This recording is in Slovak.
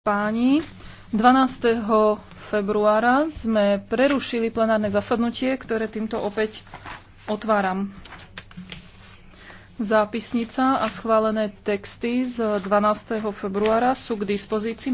páni, 12. februára sme prerušili plenárne zasadnutie, ktoré týmto opäť otváram. Zápisnica a schválené texty z 12. februára sú k dispozícii.